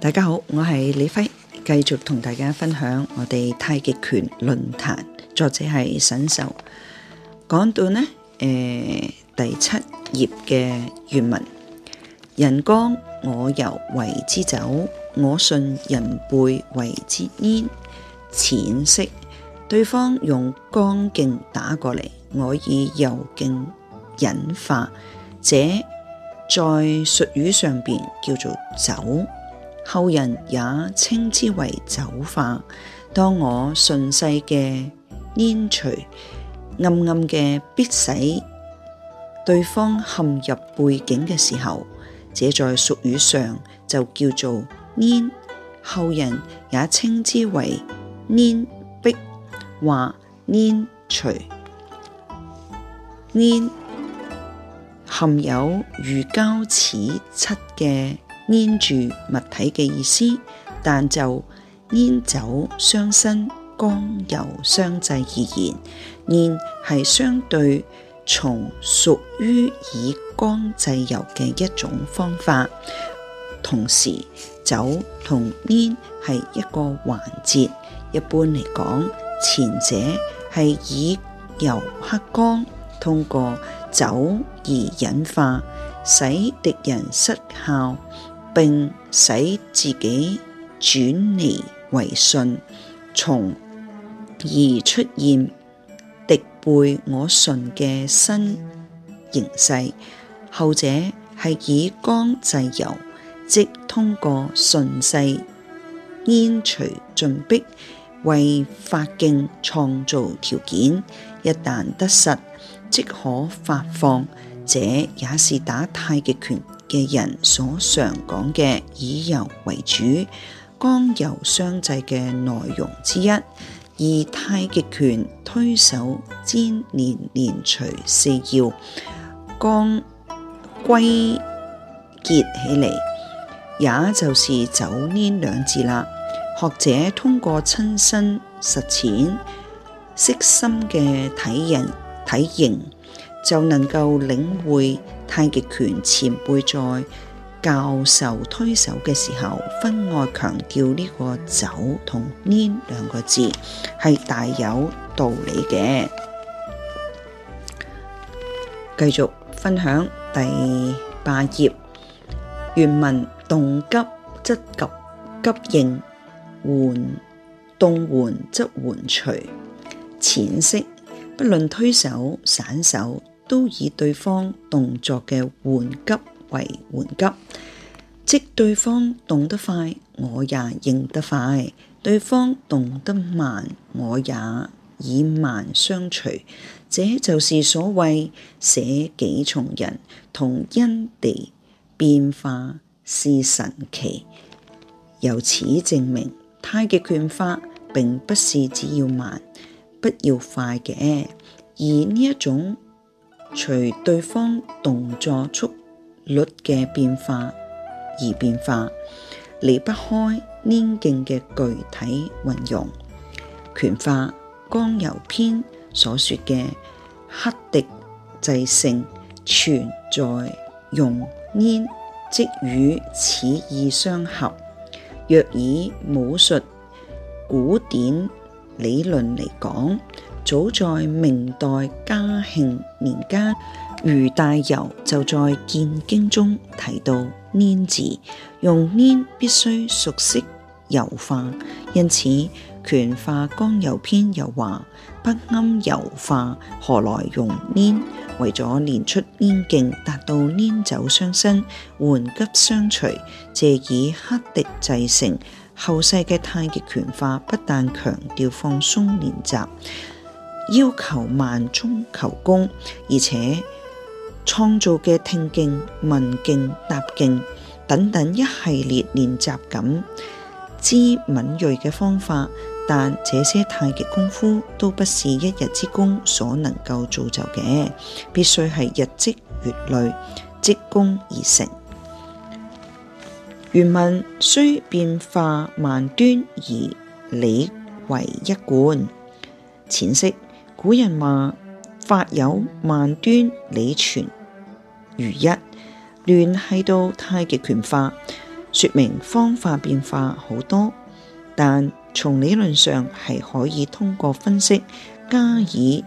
大家好，我係李輝，繼續同大家分享我哋太極拳論壇作者係沈壽。講到呢誒、呃、第七頁嘅原文：人剛我柔為之走，我順人背為之焉淺釋。對方用剛勁打過嚟，我以柔勁引化」。這在術語上邊叫做走。後人也稱之為走化。當我順勢嘅黏隨，暗暗嘅迫使對方陷入背景嘅時候，這在俗語上就叫做黏。後人也稱之為黏逼或黏隨。黏含有如膠似漆嘅。黏住物體嘅意思，但就黏走相生、剛柔相濟而言，黏係相對從屬於以剛制柔嘅一種方法。同時，走同黏係一個環節。一般嚟講，前者係以柔克剛，通過走而引化，使敵人失效。並使自己轉離為順，從而出現敵背我順嘅新形勢。後者係以剛制柔，即通過順勢粘隨進逼，為發勁創造條件。一旦得實，即可發放。這也是打太極拳，嘅人所常講嘅以柔為主，剛柔相濟嘅內容之一，而太極拳推手沾黏連隨四要，剛歸結起嚟，也就是走粘兩字啦。學者通過親身實踐，悉心嘅睇人睇型，就能夠領會。太極拳前輩在教授推手嘅時候，分外強調呢個走同粘兩個字，係大有道理嘅。繼續分享第八頁原文：動急則急急應緩動緩則緩隨淺釋，不論推手、散手。都以對方動作嘅緩急為緩急，即對方動得快，我也應得快；對方動得慢，我也以慢相隨。這就是所謂捨己從人同因地變化是神奇。由此證明，太極拳法並不是只要慢，不要快嘅，而呢一種。隨對方動作速率嘅變化而變化，離不開黏勁嘅具體運用。拳法剛柔篇所說嘅克敵制勝，全在用黏，即與此意相合。若以武術古典理論嚟講，早在明代嘉慶年間，余大游就在《劍經》中提到黏字，用黏必須熟悉柔化，因此拳化剛柔篇又話不諳柔化何來用黏？為咗練出粘勁，達到黏走相生、緩急相隨，借以克敵制勝」。後世嘅太極拳化不但強調放鬆練習。要求慢中求功，而且創造嘅聽勁、聞勁、答勁等等一系列練習感知敏銳嘅方法。但這些太極功夫都不是一日之功所能夠造就嘅，必須係日積月累，積功而成。原文雖變化萬端而理為一貫淺釋。古人話：法有萬端，理全如一。聯繫到太極拳法，説明方法變化好多，但從理論上係可以通過分析加以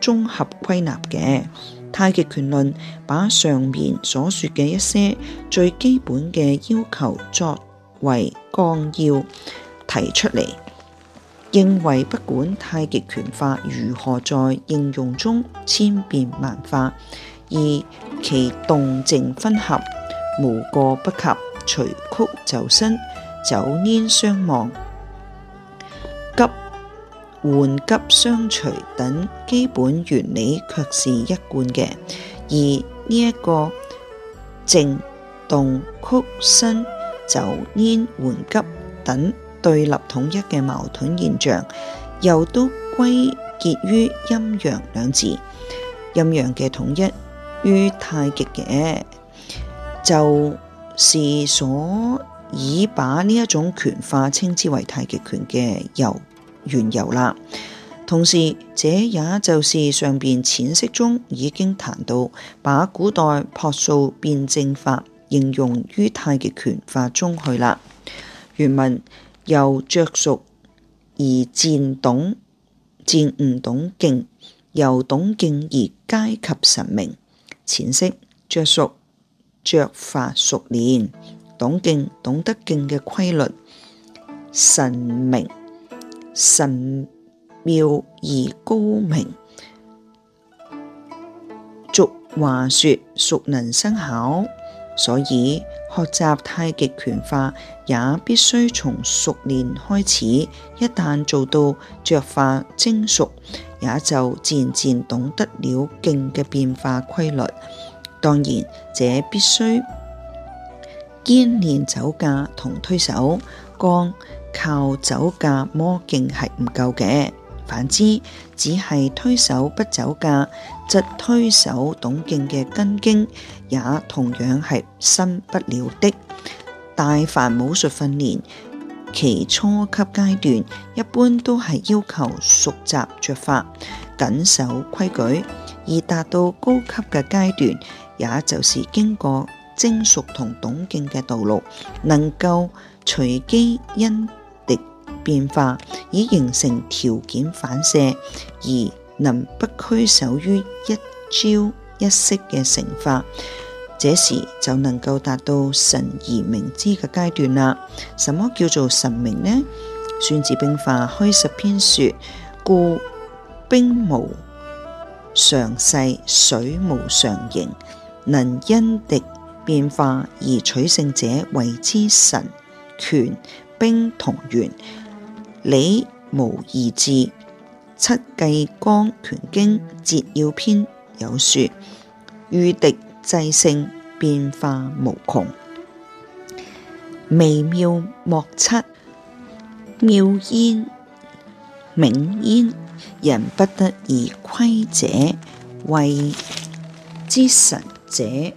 綜合歸納嘅。太極拳論把上面所說嘅一些最基本嘅要求作為綱要提出嚟。認為不管太極拳法如何在應用中千變萬化，而其動靜分合、無過不及、隨曲就伸、走黏相忘、急緩急相隨等基本原理卻是一貫嘅，而呢一個靜動曲伸、走黏緩急等。對立統一嘅矛盾現象，又都歸結於陰陽兩字。陰陽嘅統一於太極嘅，就是所以把呢一種拳化稱之為太極拳嘅由緣由啦。同時，這也就是上邊淺釋中已經談到，把古代樸素辯證法應用於太極拳法中去啦。原文。由着熟而漸懂，漸悟懂勁，由懂勁而階及神明。淺釋：着熟、着法熟練，懂勁，懂得勁嘅規律，神明、神妙而高明。俗話說：熟能生巧。所以學習太極拳法也必須從熟練開始，一旦做到着化精熟，也就漸漸懂得了勁嘅變化規律。當然，這必須兼練走架同推手，光靠走架摸勁係唔夠嘅。反之，只係推手不走架，則推手懂勁嘅根經，也同樣係新不了的。大凡武術訓練，其初級階段一般都係要求熟習着法，緊守規矩，而達到高級嘅階段，也就是經過精熟同懂勁嘅道路，能夠隨機因。變化已形成條件反射，而能不拘守於一朝一夕嘅成法，這時就能夠達到神而明之嘅階段啦。什麼叫做神明呢？孫子兵法虛實篇說：故兵無常勢，水無常形，能因敵變化而取勝者，謂之神。拳兵同源。理無二致，七《戚繼光拳經捷要篇》有說：遇敵制勝，變化無窮，微妙莫測。妙焉，冥焉，人不得而窺者，謂之神者，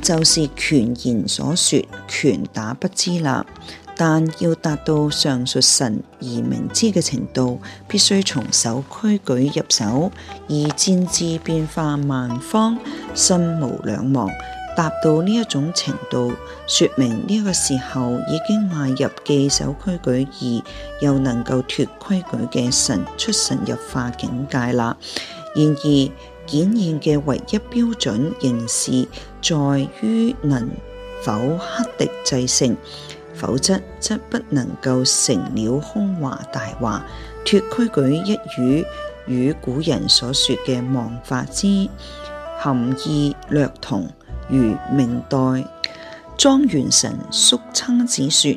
就是拳言所說，拳打不知啦。但要達到上述神而明之嘅程度，必須從守規矩入手，而漸至變化萬方，心無兩忘。達到呢一種程度，說明呢個時候已經邁入既守規矩而又能夠脱規矩嘅神出神入化境界啦。然而檢驗嘅唯一標準仍是在於能否克敵制勝。否則則不能夠成了空話大話，脱規矩。一語與古人所說嘅忘法之含義略同，如明代莊元神叔親子說：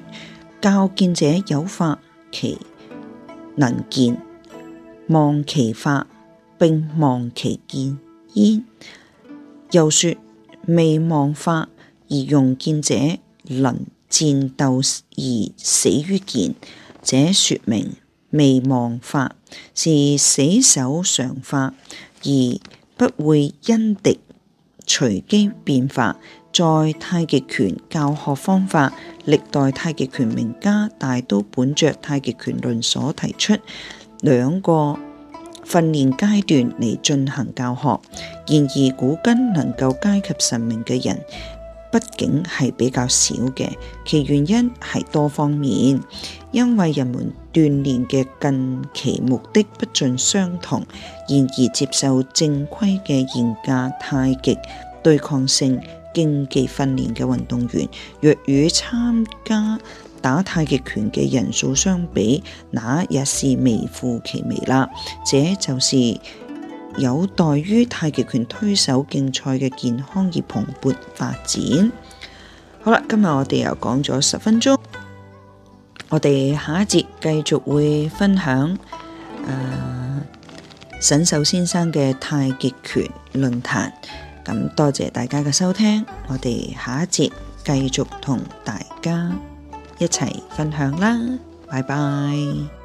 教見者有法，其能見忘其法並忘其見焉。又說未忘法而用見者能。戰鬥而死於劍，這說明未忘法是死守常法，而不會因敵隨機變化。在太極拳教學方法，歷代太極拳名家大都本着太極拳論所提出兩個訓練階段嚟進行教學。然而，古今能夠階及神明嘅人。畢竟係比較少嘅，其原因係多方面，因為人們鍛練嘅近期目的不盡相同，然而接受正規嘅嚴格太極對抗性競技訓練嘅運動員，若與參加打太極拳嘅人數相比，那也是微乎其微啦。這就是。有待於太極拳推手競賽嘅健康而蓬勃發展。好啦，今日我哋又講咗十分鐘，我哋下一節繼續會分享誒、呃、沈壽先生嘅太極拳論壇。咁多謝大家嘅收聽，我哋下一節繼續同大家一齊分享啦，拜拜。